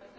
like that.